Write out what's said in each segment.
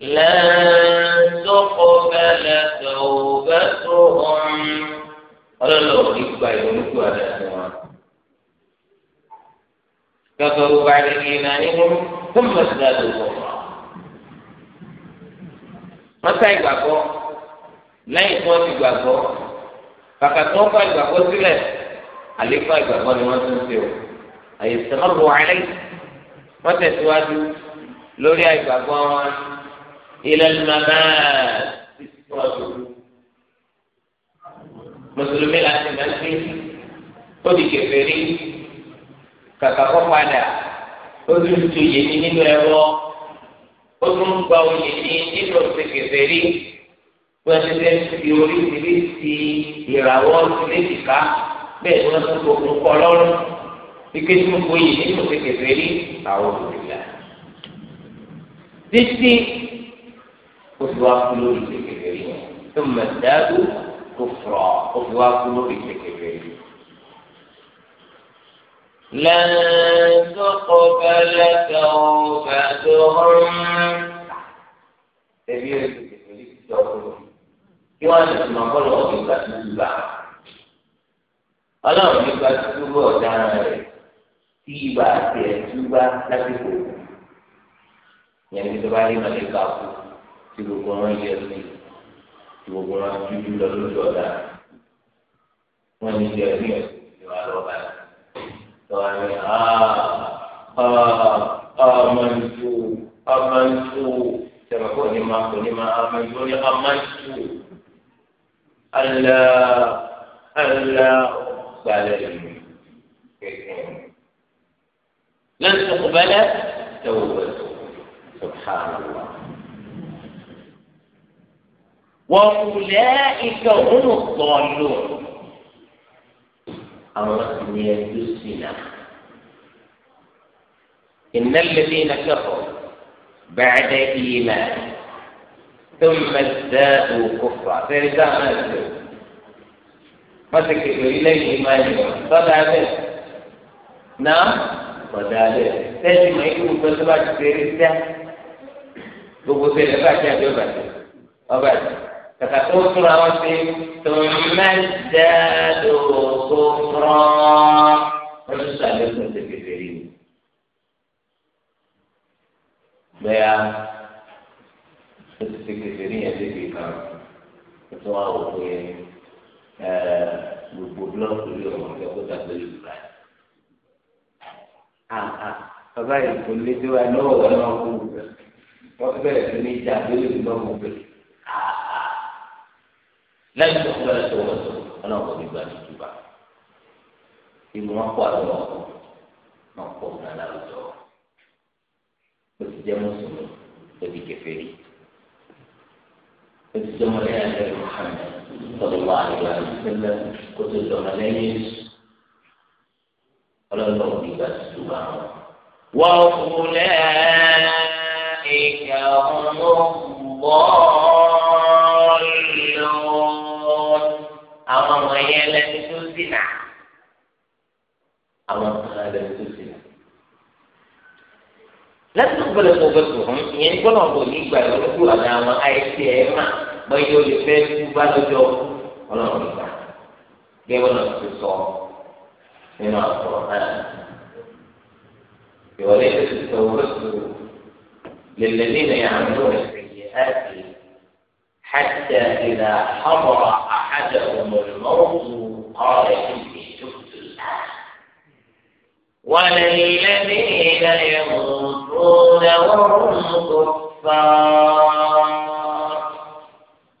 لن تقبل توبتهم ọlọ́lọ́ ní gba ìrònúkú àdáṣe wọn. Gbogbo ọgbà àdìgì náà ní wọn tó mọ̀ sí àdúgbò. Wọ́n sá ìgbàgbọ́ lẹ́yìn tí wọ́n ti gbàgbọ́. Kàkà tí wọ́n ìgbàgbọ́ sílẹ̀, àlékún ìgbàgbọ́ ni wọ́n tún ṣe o. Àyè sọ́nà lù wáyé. Wọ́n tẹ̀síwájú lórí àìgbàgbọ́ wọn ilẹ̀ màmá títí wà lóru mùsùlùmí láti máa ń gbé ó di kèfèrí kàkà kó padà ó tún tu yèmí nínú ẹ̀rọ ó tún gba oyè ní nínú ọ̀sẹ̀ kèfèrí pẹ̀lẹ́dẹ́ ti oríṣiríṣi ìràwọ̀ ìlédìká bẹ́ẹ̀ ni wọ́n tún gbogbo kọ́ lọ́rùn ike tí mo gbóyè nínú ọ̀sẹ̀ kèfèrí àwọn olùdíjà títí ó fi wá kú lórí ìṣèkèlè rí tó mọ̀ dáadó kó fọ̀ ó fi wá kú lórí ìṣèkèlè rí. لن تقبل توبتهم ẹbí rẹ ti tẹ̀lé ti tí gbogbo wọn yẹ sí gbogbo wọn dúdú lọ lójú ọ̀dà wọn ní jẹ ní ẹ̀sìn ìwà lọ́ba lọ́wọ́ ni amantu amantu sẹ́wọ̀n kò ní máa kò ní máa amantu ní amantu alẹ́ alẹ́ gbalẹ̀ lẹ́nu kékeré. لن تقبل توبته سبحان الله وأولئك هم الضالون أمرت يدسنا إن الذين كفروا بعد إيمان ثم ازدادوا كفرا فإذا ما ازدادوا ما تكتب إليه إيمانهم فذلك نعم فذلك تجمع يكون كل ما تكتب gbogbo sẹlẹ bá ṣe àti ọba kàkà tó túra wọn sí tòmẹ́tẹ́dò kókòrò wọn tún sàlékún tẹ̀gẹ̀dẹ̀ yìí. bẹ́ẹ̀ ó ti tẹ̀gẹ̀dẹ̀ yìí yẹn débi kan ó tún wá òkú yẹn gbogbo búlọ́ọ̀kì yìí ọ̀hún ọ̀gá kó dàgbé yìí bá a. bàbá yìí kò lé tí wàá lọ́wọ́ wọn náà kú wọ́n bẹ̀rẹ̀ sí ní ìjà abẹ́lé ìlú náà mọ̀ láì tó kúrò láti wọ́n tó ọlọ́run kò ní gba tuntun bá ìlú wọn kọ́ àlọ́ wọn kọ́ ọ̀nà aláwùjọ o ti jẹ́ mùsùlùmí o ti kèfèrí o ti jẹ́ mọ́lẹ́yà lẹ́yìn Muhammad sọ̀rọ̀ wà àlùbá ìṣẹ̀lẹ̀ kó tó jọ mọ́lẹ́yìn Jésù ọlọ́run kò gba tuntun bá wọn. wọ́n kúlẹ̀ ìkà bídà àwọn kan lè tó sí i. lẹ́sìn gbọ́dọ̀ kó fẹ́ sùn fún ìyẹn gbọ́dọ̀ kò ní gbà yọ lójú àmì àwọn àìsí ẹ̀ mà bọ́yá o lè fẹ́ tú bá lọ́jọ́ ọlọ́run ìgbà gẹ́gẹ́ bọ́dọ̀ ti sọ nínú àkùrọ̀ náà. وليس التوبة للذين يعملون السيئات حتى إذا حضر أحدهم الموت قال إني تبت الآن وللذين يموتون وهم كفار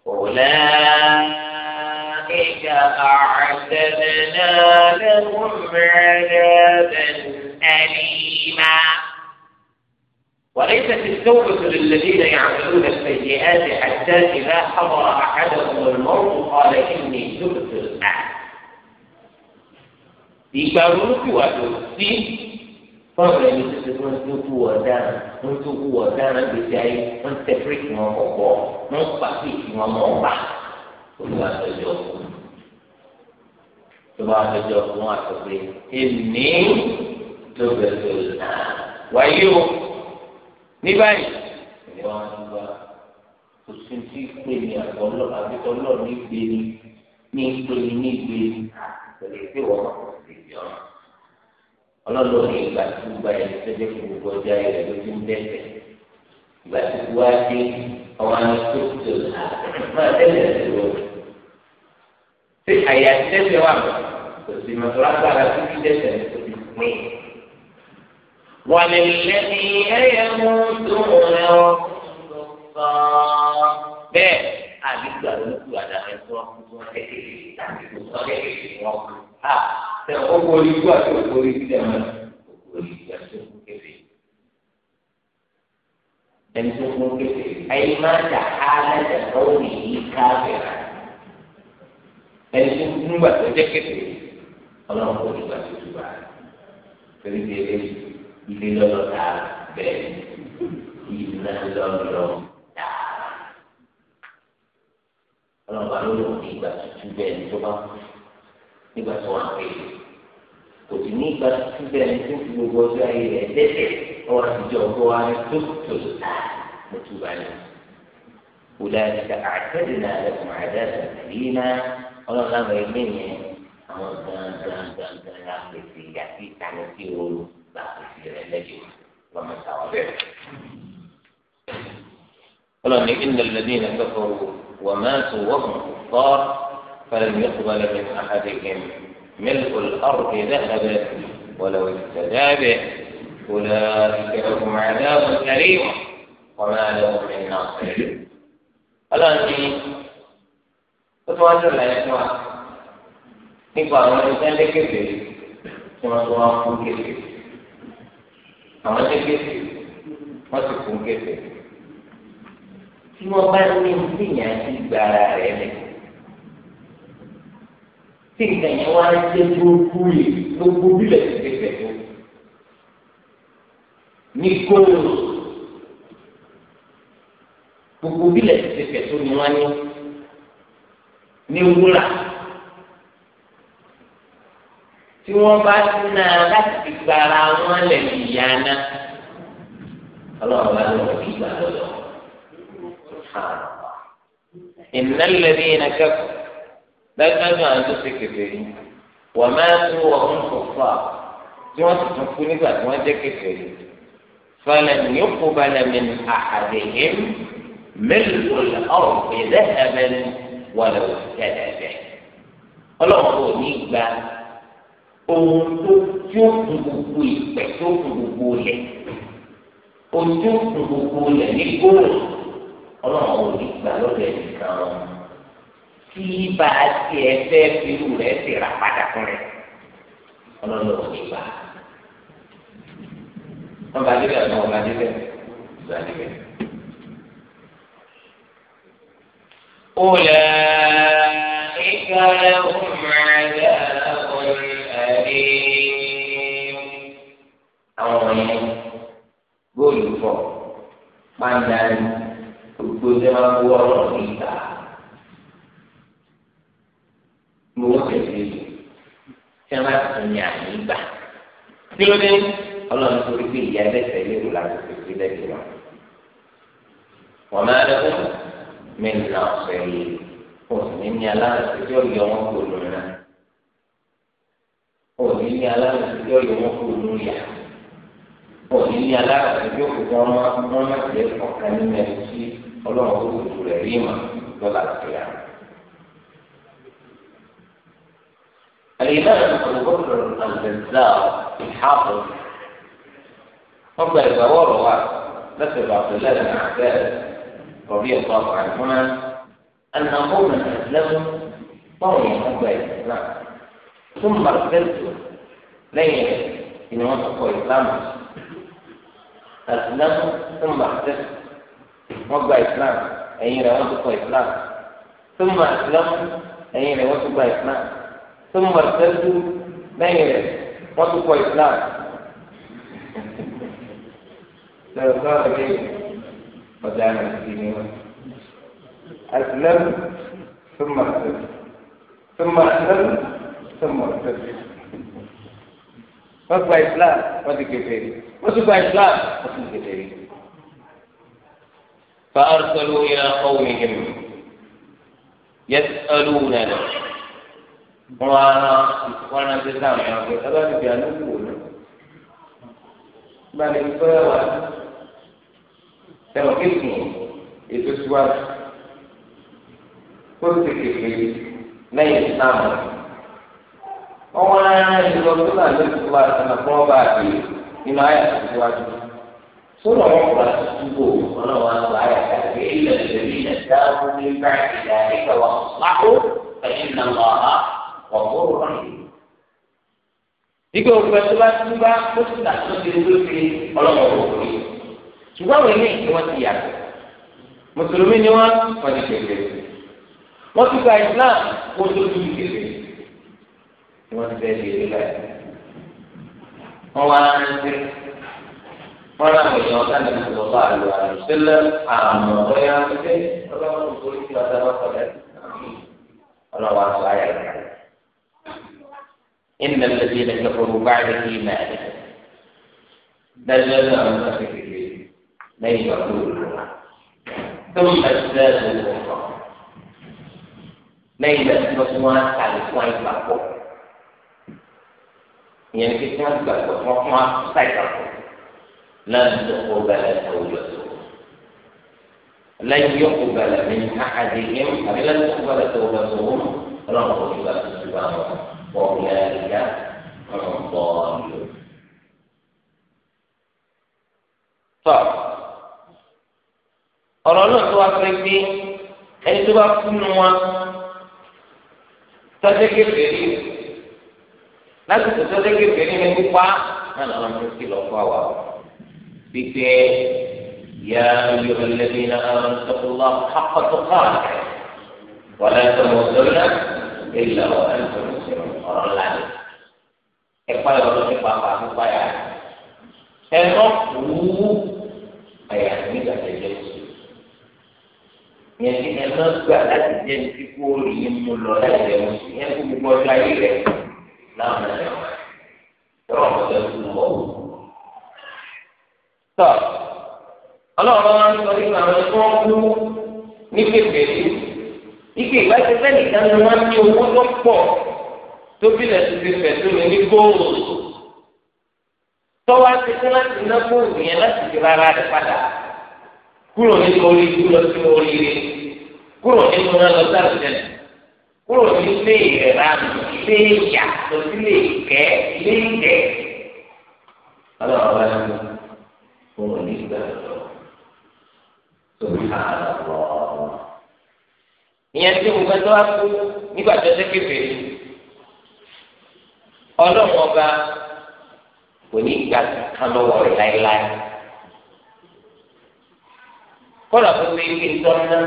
أولئك أعتدنا لهم عذابا أليما وليست التوبة للذين يعملون السيئات حتى إذا حضر أحدهم الموت قال إني تبت الآن ìgbà ronúpìwàdò sí fọlọ ẹni tó ti wọn tó kú ọ̀daràn wọn tó kú ọ̀daràn gbèsè ayé wọn tẹ fíríkì wọn kọkọ wọn pàṣẹ ìfì wọn mọ ọba olùwà àtọjọ fún olùwà àtọjọ fún àtọgbẹ èmi tó bẹ̀rẹ̀ lọ wáyé o ní báyìí ìdí wọn ti wá kò sí ti pè ní àgbọ̀lọ́ àbítọ́lọ́ ní gbé ní ní gbé ní gbé ní pẹ̀lú ìdí wọn yọrọ ọlọ́dọ̀ ní ìgbà tí gba ẹ̀ tẹ́lẹ̀ fún gbogbo ọjà rẹ̀ ló ti ń dẹ́sẹ̀ ìgbà tí wá dé àwọn àtúntò máa tẹ́lẹ̀ lọ. ṣé àyà ti dẹ́sẹ̀ wà mọ́ kò sí mọ́tò lágbára tó ti dẹ́sẹ̀ tó ti pín. wàlẹ́lẹ́ni ẹ̀yẹ mú tóun lọ bẹ́ẹ̀ àdìgbà ló kù àdàmẹ́sọ́ fún wọn kékeré tàbí fún wọn kékeré wọn kù à tẹ ọkọ orí ikú àti ọkọ orí ikú dẹ̀mọ́ ọkọ orí ikú àti ọkọ kẹfẹ́ ẹni tó kún kẹfẹ́ ẹni máa ń dà á lẹ́sẹ̀ lọ́wọ́ nìyí káfíà ẹni tó kún gbà tó jẹ́ kẹfẹ́ ọlọ́run kò ní gbà tó tù bá torí ti ilé ilé lọ́lọ́ ta bẹ́ẹ̀ iná lọ́lọ́ ta ọlọ́run bá lọ́lọ́ ní gbà tó tù bẹ́ẹ̀ tó bá kú. nígbà tó wà pé kò sì ní ìgbà síbẹ̀ ní tó gbogbo ọjọ́ ayé rẹ̀ dẹ́tẹ̀ ọwọ́ àtijọ́ ọgbọ́n wa ní tó tó mo tú balẹ̀ ọ̀làdìkà àtẹ́dìnà lẹ́kùn àdáàdà ìlínà ọlọ́run láwọn ẹgbẹ́ yẹn àwọn gbàngbàngbàngbà lápèsè àti ìtàní tí o lápèsè rẹ̀ lẹ́yìn lọ́mọ táwọn bẹ̀rẹ̀. ọlọ́run ní ìnàlẹ́dínlẹ́gbẹ̀fọ́ wọ̀ máa tó wọ́pọ̀ kọ́ فلم يقبل من أحدهم ملء الأرض ذهبا ولو افتدى به أولئك لهم عذاب أليم وما لهم من ناصر الآن في وتواصل لا يسمع نقول الإنسان لكفر كما تواصل كفر àwọn ṣe ما wọn ti kún kéde tí wọn bá ní ìsìnyà ti gba rẹ nìkan. tí nǹkan yẹn wá ń jẹ́ burúkú yìí gbogbo bílẹ̀ ti tẹ̀sẹ̀ tó. ní góòlù gbogbo bílẹ̀ ti tẹ̀sẹ̀ tó ni wọ́n ní ní wúrà tí wọ́n bá ná láti fi gbara wọn lẹ̀ níyà náà ọlọ́run bá lọ́wọ́ kí gbà lọ́wọ́. إن الذين كفروا lẹ́gbẹ́nu àwọn tó ṣe kèfèrí wà máa ń tún wọn kó fà tí wọ́n ti tún kú nígbà tí wọ́n jẹ́ kèfèrí fẹlẹ̀ ní ó kó balẹ̀ mi ní àhàdéhìn mélòó ọ̀rọ̀ ìdẹ́ ẹ̀bẹ̀ni wà lọ tẹ̀lẹ̀ bẹ̀. ọlọ́run kò ní gba ohun tó tí ó kún gbogbo ìpẹ́ tó kún gbogbo lẹ̀ ohun tó kún gbogbo lẹ̀ ní góòlù ọlọ́run kò ní gba lọ́dọ̀ ẹ̀ tí bá a tiẹ̀ fẹ́ firu rẹ̀ ti ra padà fún rẹ̀ ọlọ́lọ́ ò ní bá a wọ́n bá débẹ̀ àná wọ́n bá débẹ̀ bá débẹ̀. أولئك لهم عذاب أليم أولئك قولوا فوق من ذلك قلت لهم هو رحيم tí wọn bá ti tún ní àyè gbà kí ló dé ọlọ́run torí pé ìyá ẹlẹ́sẹ̀ lérò láti fèsì lẹ́yìn wa wọn máa lẹ́kọ́ mẹ́ta ọ̀sẹ̀ yìí òsì ní ní aláǹsì tí ó yọ wọn kò lóun náà òní ní aláǹsì tí ó yọ wọn kò lóun yà òní ní aláǹsì tí ó kò wọn wọn má jẹ ọ̀kan nínú ẹni tí ọlọ́run tó kò rẹ̀ rí mà lọ́la tó yà الإمام أبو بكر البزار الحافظ هم يدوروا مثل عبد الله بن عباس رضي الله عنهما أن قوما أسلموا طوي حب الإسلام ثم أرسلت ليلة إن وصفوا الإسلام أسلموا ثم ارتدوا حب إسلام أي وصفوا إسلام ثم أسلموا أي وصفوا إسلام ثم ارسلت ميلا قلت كويس نعم سيظهر لي ودعنا الدين اسلم ثم ارسلت ثم ارسلت ثم ارسلت قلت كويس لا ودي كفيري قلت فارسلوا الى قومهم يسالوننا wọn ara wọn na ṣe sáwọn èèyàn pé alábìbí àlùkò ní gba ní pẹ́ wá tẹ̀wọ̀n kékeré ètò síwájú kó sì kékeré lẹ́yìn sáàmù wọn wọn ara ṣe lọ sí nínú ayé àti wọn náà ilẹ̀ ní báyìí ọ̀gbọ́n rọ̀ ní. Ìgbà òkú ẹ̀ tó bá tún bá ó sì nà tó ti rú fi ọlọ́mọ rò pé. Ṣùgbọ́n àwọn ilé ìgbé wọn ti yàtọ̀. Mùsùlùmí ni wọ́n wọ́n ti gbèsè. Wọ́n ti gba Islam kó tó tún gbèsè. Wọ́n ti bẹ́ẹ̀ lè lọ ẹ̀. Wọ́n wá rántí. Wọ́n rà wọ̀nyí ọ̀gá ní ìṣòwò àlọ́ àlùsílẹ̀ àmọ̀ ọ̀yà ń gbé ọlọ́wọ́ إن الذين كفروا بعد إيمانهم بل جزاء من يقولون ثم ازدادوا ليلة مسوان على سوان لأبو يعني في كان بأبو رحمة سيطر لن تقبل توجده لن يقبل من أحدهم لن تقبل توجده رغم الله سبحانه وتعالى وأولئك هم الضالون طب ọlọ́run tó wá pé pé ẹni tó bá fún wa tọ́jẹ́gẹ́ fèrè lásìkò tọ́jẹ́gẹ́ fèrè ní pípa náà lọ́wọ́ tó ti lọ fún àwa wípé yá yóò lẹ́bi náà àwọn ìṣòro lọ́wọ́ kápẹ́tọ́ káàkiri wọ́n lẹ́sẹ̀ náà. إلا وأنتم مسلمون ọ̀rọ̀ ńlá ni ẹ̀pá ìrọ̀lọ́ ti pa pa fún báyà ẹ̀ lọ́ kú àyà nígbà tẹ̀ jẹ́ oṣù yẹn ti ẹ̀ lọ́ gbà láti jẹ́ ti kú orí yín mú lọ láì jẹ́ oṣù yẹn kú gbogbo ọjọ́ ayé rẹ̀ láwọn ẹ̀ lọ́wọ́ ọ̀rọ̀ ọ̀rọ̀ ẹ̀ lọ́wọ́ tọ́ ọlọ́run wọn sọ nípa àwọn ẹ̀kọ́ kú ní kékeré ike ìgbà tí fẹ́ẹ̀lì kan ni wọ́n ní owó tó pọ̀ tó bílẹ̀ tó fi fẹ̀ tó lè ní góòlù tọ́wọ́ ti fẹ́ láti ná góòlù yẹn láti fi rárá rẹ̀ padà kúrò nínú orí kúrò sí oríire kúrò nínú náà lọ sáré tẹ̀lé kúrò nílé ìrànú ilé ìyà lọ sílé ìkẹ́ ilé ìkẹ́ ọlọ́run bá yẹn kúrò nígbà tó tó bí àárọ̀ ìyẹn tí mo gbẹ tó wá kú nígbà tó ṣe kékeré ọlọ́run ọba kò ní gbà kan lọ́wọ́ rẹ̀ láéláé kọ́lá tó ṣe ike ìtọ́ná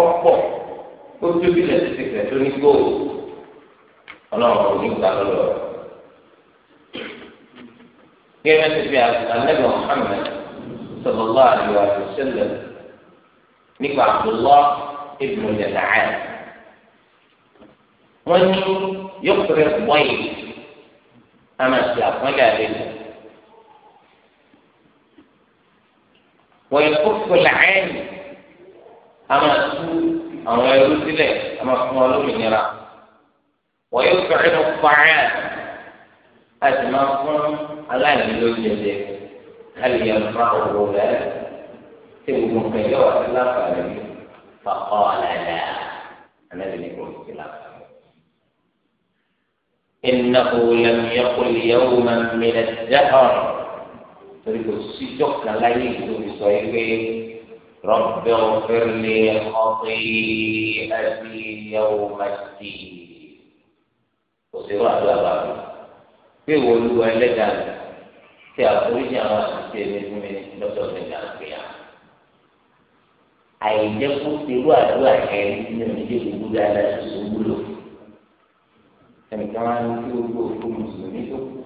ọ̀pọ̀ ó tóbi lẹ́sẹ̀ ti fẹ̀ tó ní gbòòrò ọlọ́run kò ní gbà lọ́wọ́ rẹ̀ gẹ́gẹ́ bí fi àlẹ́bẹ̀ Muhammad sallallahu alaihi wa sallam nípa Abdullah. ابن جمعان ومن يقري الضيف أما السياق ولا لله ويكف العين أما السوء أو يرد له أما قول من يرى ويفعل الطعام أدمغهم على الوجود هل ينفعه لا؟ تقول كيف لا فعل فقال لا أنا بنقول الخلاف إنه لم يقل يوما من الدهر تريد السجق لليل بصيبه رب اغفر لي خطيئتي يوم الدين وصراط الله في ولو أن لجان في أقول جمع سجد من مدر من القيامة àìjẹ́ kó irú àdúrà yẹn nínú ìdílé gbogbo dáadáa ṣoṣo wúlò ẹnìkan wá ní kí gbogbo òkú mùsùlùmí tó kú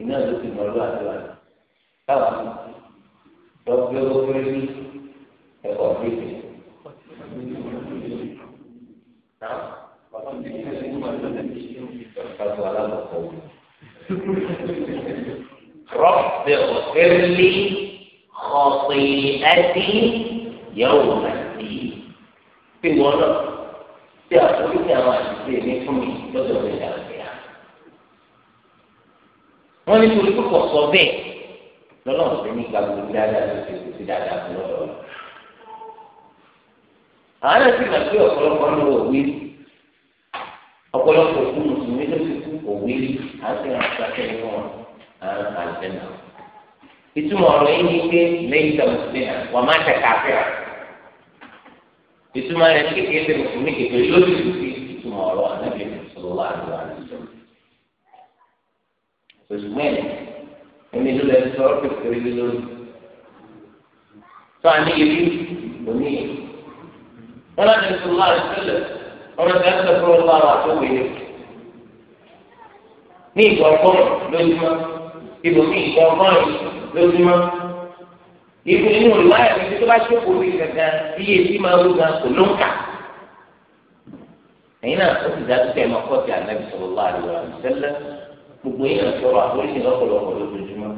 iná ló ti mọ̀ lọ́wọ́ àdúrà táwọn lọ́gbẹ́ owó rí ẹ̀kọ́ fífi. Kátó alábọ̀kọ̀ رب اغفر لي خطيئتي yẹ̀wò àti pé wọ́n lọ sí àforíjì àwọn àṣìṣe mi fún mi lọ́dọ̀ rẹ̀ dàgbéyà. wọ́n ní torí púpọ̀ sọ bẹ́ẹ̀ lọ́nà ọ̀sẹ̀ ní ìgbà gbogbo dáadáa ló ti kù sí dáadáa fún lọ́dọ̀ rẹ̀. àwọn náà sì gbàgbé ọ̀pọ̀lọpọ̀ ní òwe ọ̀pọ̀lọpọ̀ òkú mùsùlùmí ló ti kú òwe àti àwọn akẹ́kẹ́ ní wọn àwọn àlùfẹ́ náà. ìtumọ̀ ọ̀rọ̀ yìí ni pé lẹ́yìn tàbí wọ́n máa tẹ̀ káfíà ìtumọ̀ yẹn kékeré ṣe mùsùlùmí kékeré lórí ìlúfi ìtumọ̀ ọ̀rọ̀ ànábì sọlọ́wọ́ àdúrà nìjọ. òṣùmọ̀ ẹ̀ ẹni ló lẹ sọ ọ́ kékeré lé lórí. tó a ní ibi kò ní yẹ. wọ́n láti ní sọlọ́wọ́ àti sọlẹ̀ wọ́n láti ní sọlọ́wọ́ àti sọlọ́wọ́ àti òwe ní ìgbọ̀ngàn lójúmọ́ ibòmí ìgbọ̀ngàn lójúmọ́ ibi nínú ìwáyà mi tó bá ṣe kò rí gàgà iye tí máa wú gan kò ló ń kà ẹ̀yin náà ó sì dájú pé ẹ̀ma kọ́ọ̀tì ànábì sọ̀rọ̀ lọ́wọ́ àdúrà ìṣẹ́lẹ̀ gbogbo yìí náà sọ̀rọ̀ àforíṣi lọ́pọ̀lọpọ̀ lójoojúmọ́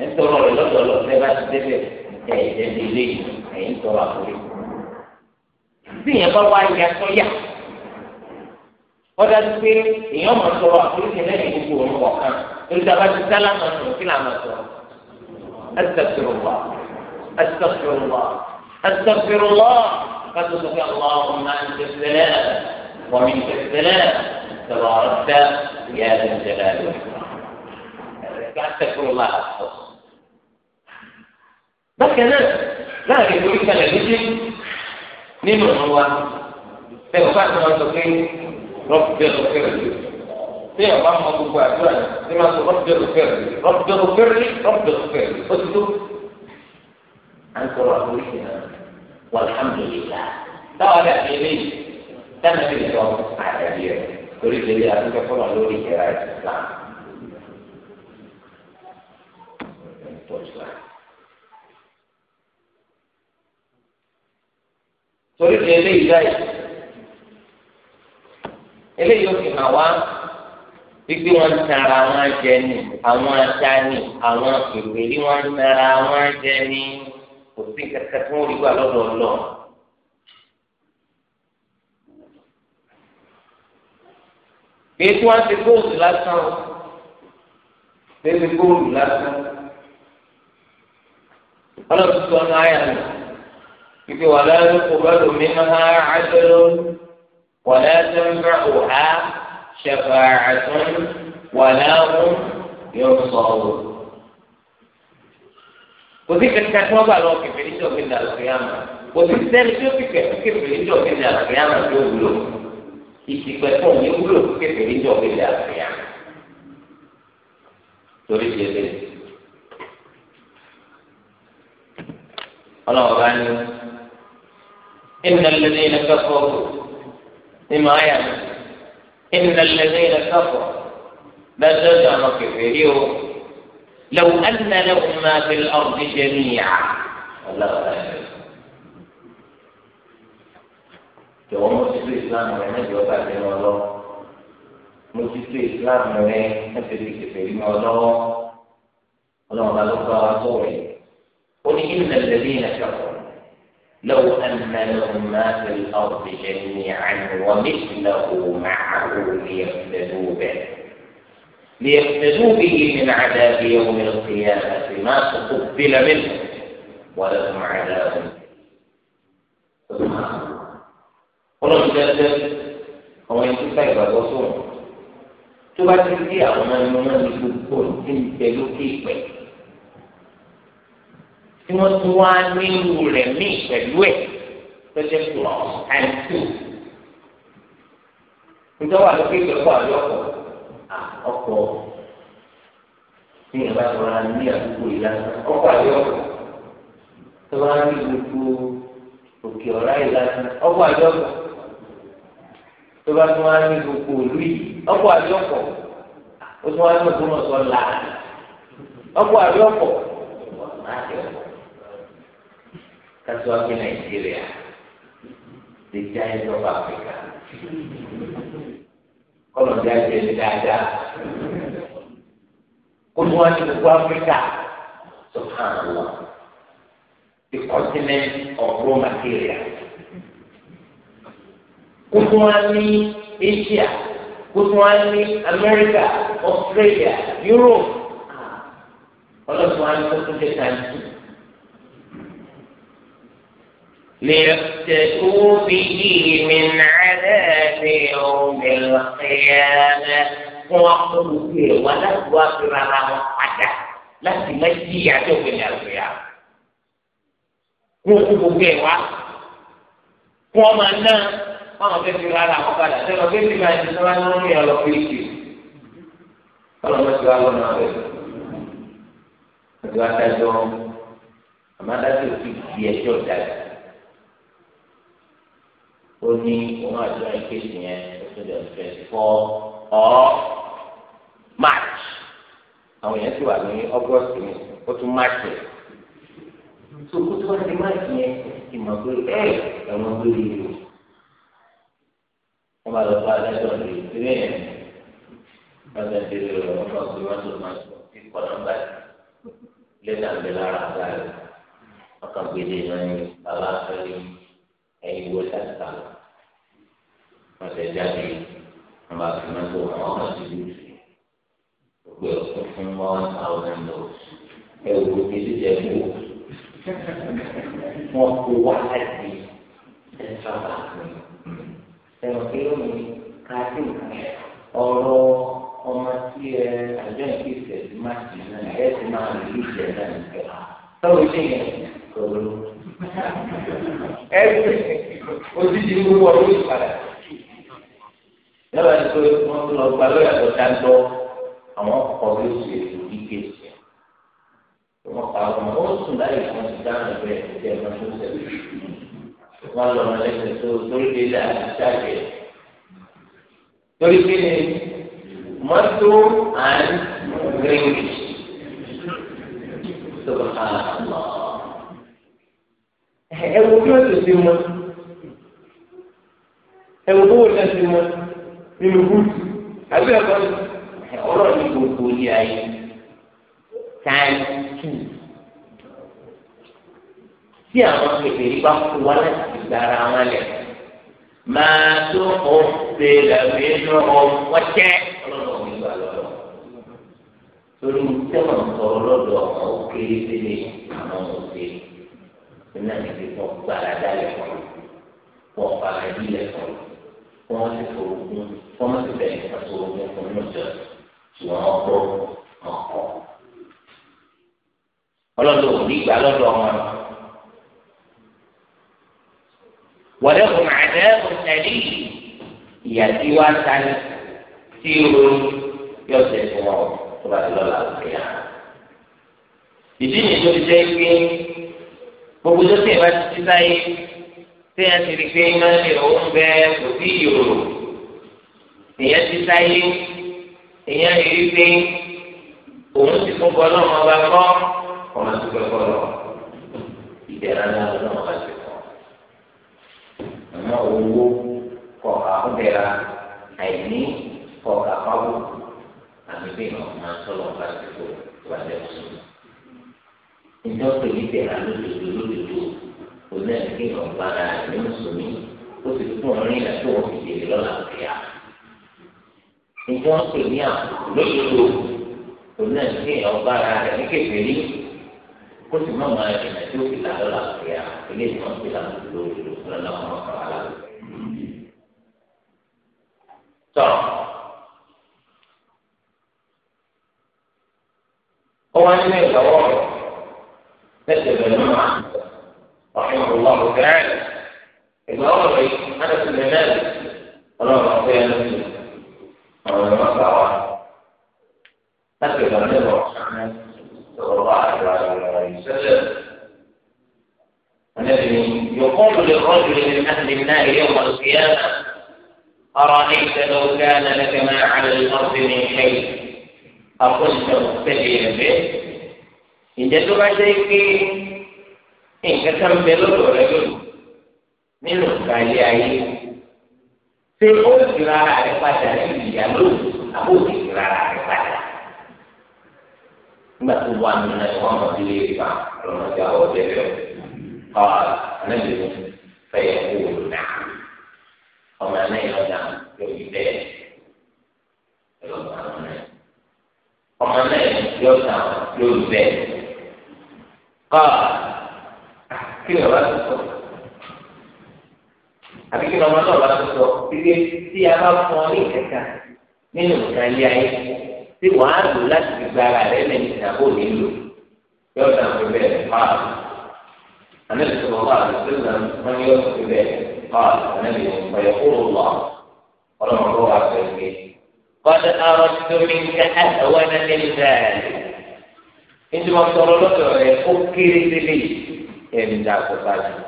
ẹ̀ ń tọrọ rẹ̀ lọ́dọọlọ fẹ́ bá ti débẹ̀ ẹ̀ ẹ̀dẹ̀ ilé yìí ẹ̀yin tọrọ àforíṣi tí èèyàn bá wá ya sọ́yà wọ́n dájú pé èèyàn máa sọ̀rọ̀ àforíṣi lẹ́yìn gbogbo òun kọ̀ọ̀kan استغفر الله استغفر الله استغفر الله قد قدسك اللهم انت السلام ومن السلام تباركت يا ذا الجلال والاكرام استغفر الله بكنا لا يقولك لا يجب نمر هو فيغفر الله تقول ربي اغفر لي tí ẹ bá mọ gbogbo àdúrà yẹn ní máa sọ rọ́bìdẹ́rù fẹ́rẹ̀ rọ́bìdẹ́rù fẹ́rẹ̀ rọ́bìdẹ́rù fẹ́rẹ̀ ó ti tó. à ń sọ̀rọ̀ àforíṣi náà wàlhámdùlélà táwọn àti àti eléyìí dáná ti sọ àyàbí ẹ torí ìdílé àtúntò fọlọ lórí ìkẹrẹ àti islam. torí ìdílé eléyìí báyìí eléyìí ó fi hàn wá pípé wọn tara wọn jẹ ní àwọn ata ní àwọn pèpèrí wọn tara wọn jẹ ní òsín kẹkẹ tí wọn rí wà lọ́dọ̀ lọ. bíi tí wọn ti góòlù lásán bíi ti góòlù lásán ọlọ́run sọ ọ́nà ayà mi pípé wà lọ́dọ̀ kò bá lómi náà á jẹ́ lórí ń bá òhà. شفاعة ولا هم ينصرون kòsí kẹkẹ tí wọn bá lọ kẹfẹ níjọ fi dà lọkìyàmà kòsí sẹni tí ó fi kẹfẹ kẹfẹ níjọ fi dà lọkìyàmà tó wúlò ìsìnkẹ fún mi wúlò kẹfẹ níjọ fi dà lọkìyàmà torí jẹlẹ ọlọ́run bá ní ẹnìyàn lẹni ẹnìkan fọwọ́ nínú àyà mi. إن الذين كفروا بل زادهم كفروا لو أن لهم ما في الأرض جميعا jọ̀wọ́ mo ti tó islam rẹ mẹjọ ọba ti ràn ọ lọ́wọ́ mo ti tó islam rẹ mẹjọ ti kẹfẹ rí ọ lọ́wọ́ Ọlọ́run bá ló gbọ́ wa sọ̀rọ̀ yìí ó ní kí ni nàìjíríà ṣàkóso. لو أن لهم ما في الأرض جميعا ومثله معه ليفتدوا به ليفتدوا به من عذاب يوم القيامة ما تقبل منه ولهم عذاب سبحان الله ولو àwọn ẹni tó bá ìgbàgbọ́ sọ̀rọ̀ tó bá ti di àwọn tí wọ́n tún wá nílù rẹ̀ míì pẹ̀lú ẹ̀ tó jẹ́ plus and two. Ǹjọ́ wà lókè ìgbẹ́kọ̀ àbí ọkọ̀? Ọkọ̀ ní ìyàbá tó ra ní àdúgbò ìlànà ọkọ̀ àbí ọkọ̀ tó wá ní gbogbo òkè ọ̀rá ìlànà ọkọ̀ àbí ọkọ̀ tó bá tún wá ní gbogbo òlú yìí ọkọ̀ àbí ọkọ̀ ó tún wá ní ọdún ọ̀sán là ọkọ̀ àbí ọkọ̀ ọ̀nà àbí ọkọ̀ kátó wá pé nàìjíríà lè já ẹjọ́ bá Áfíríkà kọ́lọ̀ ń dájú ẹni dáadáa kó subhanallah, wá ní gbogbo Áfíríkà tó hàn wá the continent of raw material kó tó Asia kó tó wá Australia Europe ọlọ́sùn wa ní kó tó ليفتدوا به من عذاب يوم القيامة وقل فيه ولا توافر له حدا لا تمشي يوم القيامة kókó gbogbo ẹ wá kó ọmọ náà wọn fẹẹ fi rárá àwọn padà sẹlẹ ọgbẹ tí màá di sọlá nínú ìyá lọ pé kì í ọlọmọ tí wàá lọ náà rẹ ọjọ́ adájọ́ àmọ́ adájọ́ ti di ẹjọ́ dájú ó ní òun àti wọn kéésì yẹn oṣù tó fẹ́ fọ́ ọ́ march àwọn èèyàn ti wà ní august ní ó tún march yẹn sókó tó wá ní march yẹn ìmọ̀ pé ẹ ẹ̀wọ̀n tó lè lò wọ́n bá lọ bá adájọ́ lè tẹ́lẹ̀ yẹn lọ́dọ̀ tẹ́lẹ̀ rẹ̀ wọ́n bá gbé wọ́n tó máa sọ kí kọ́ nọ́mbà lẹ́nà àgbẹ̀ lára àgbà ọkàn gbèdé náà ní bàbá yìí ẹ̀yin wo sàtà wọn ṣe jáde wọn bá fi mọ́tò àwọn kan ti lù sí gbogbo ẹ̀kọ́ fún one thousand dollars ẹ wo bí ti jẹ kú wọn kó wá láti ẹ sábà fún ẹ̀rọ kí ló ní káàdì ọ̀rọ̀ ọmọ tí ẹ àjọ ìkíkẹ́ ti máa ti náà ẹ ti máa lè lù jẹ náà nìkan. sọ́wọ́ ìṣe yẹn. gbogbo ọdún yìí padà yàrá ni pé wọn lọ gba lọ́yà tó dáńtọ́ àwọn kọ̀ ló ṣe ìdíje sí wọn pa ọmọ wọn sùn láyé wọn ti dáhùn ẹgbẹ́ ẹgbẹ́ ẹgbẹ́ tó ṣẹlẹ̀ wọn lọ wọn lẹ́sẹ̀ tó torí délé àti sáàjẹ torí kíni mọ́tò and ringgit tó bá a lọ ẹ wo bí wọn ti ṣe wọn ẹ̀wọ̀n tó wọlé ẹsẹ̀ wọn nínú búùtù àbí ẹ̀kọ́ ọ̀rọ̀ ní gbogbo ilé ayé táyì tù tí àwọn kékeré bá kú wá láti gbára wọn lẹ̀ máa tó o ṣe lẹ́mí inú ọmọ tẹ́ ọlọ́run ní ìgbà lọ́dọ̀ torí tẹ́wọ̀n sọ ọlọ́dọ̀ ọmọ òkèèrè sílé àwọn òkèèrè nínú àgbègbè kan gbára dálẹ̀ kan wọn fara yí lẹ́kọ̀ọ́ wọ́n sì forogún wọ́n sì bẹ̀rẹ̀ pàtó ogun fún inú ìjọ ṣùgbọ́n ọkọ ọkọ. ọlọ́dún òní ìgbà lọ́dọ̀ wọn. wọ́n ẹ̀kún àdẹ́kùn tẹ̀lé ìyá tí wọ́n ta ní yóò ṣe fún ọ tó bá ti lọ́la òkè yá. ìdí nìyí tó ti jẹ́ pé gbogbo tó tẹ̀ bá ti ti sáyé téèyàn ti rí pé iná ni òun bẹ kò sí yòrò èèyàn ti sáyé èèyàn rí rí pé òun ti fún bọlọ ọmọ bá kọ ọmọ tó fẹ bọlọ ìdẹ̀ra náà lọ́wọ́ bá ti kọ́ àmọ́ owó kọ àkúndẹ̀ra àìní kọ àpáwò àmì bí ìmọ̀ máa sọ̀rọ̀ bá ti kọ́ tó bá jẹ́ sùn. ìjọba ìdẹ̀ra lójoojú lójoojú oní ẹ̀kí ọ̀gbà rẹ̀ ní mùsùlùmí ó sì fún ọ̀rìn ilẹ̀ tó wọ́n fi jèrè lọ́la kìá. ìjọ ń pè ní àkókò lóṣooṣù oní ẹ̀kí ọ̀gbà rẹ̀ ní kó sì máa máa ìrìnà tó fi là lọ́la kìá ilé ìtàn fi là lóṣooṣù lọ́la ọmọ kàwá tọ́ ọ wá nínú ìgbàwọ́ rẹ̀ lẹ́sẹ̀ bẹ̀rẹ̀ náà. رحمه الله تعالى إن أمري أنا في المنام أنا أعطي نفسي أنا ما أقرأ أكد النبي محمد صلى الله عليه وسلم الذي يقول للرجل من أهل النار يوم القيامة أرأيت لو كان لك ما على الأرض من شيء أقلت مبتدئا به إن جدك شيء nǹkan kan bẹ lọ́dọ̀ rẹ lónìí nínú ìgbà ilé ayé ṣé ó sì rárá rẹ padà sí ìyá lónìí àbó sì rárá rẹ padà nígbà tó wà nínú ẹ̀ wọ́n mọ̀ sílé ìgbà lọ́nà tí a wọ̀ ànábì mi fẹ́yẹ̀ kó o nà ọmọ náà yọ̀ lórí bẹ́ẹ̀ ọmọ náà ọmọ lórí bẹ́ẹ̀ kọ́ kí ni ọba tó sọ àbí kí ni ọmọ náà ọba tó sọ ibi tí a bá fún ọ ní ìkẹta nínú nǹkan ilé ayé tí wàá lò láti fi gba ara rẹ lẹ́yìn ìdàbò nílò yóò dà fún bẹ́ẹ̀ máa àmì ìṣòro wà lóṣù náà wọn yóò fún bẹ́ẹ̀ máa àmì ìṣòro yẹ kúrò lọ ọlọ́run ló wà pẹ̀lú mi. قد أردت منك أهون من ذلك. أنت ما تقول له أوكي لي ẹni dá aṣọ sáájú.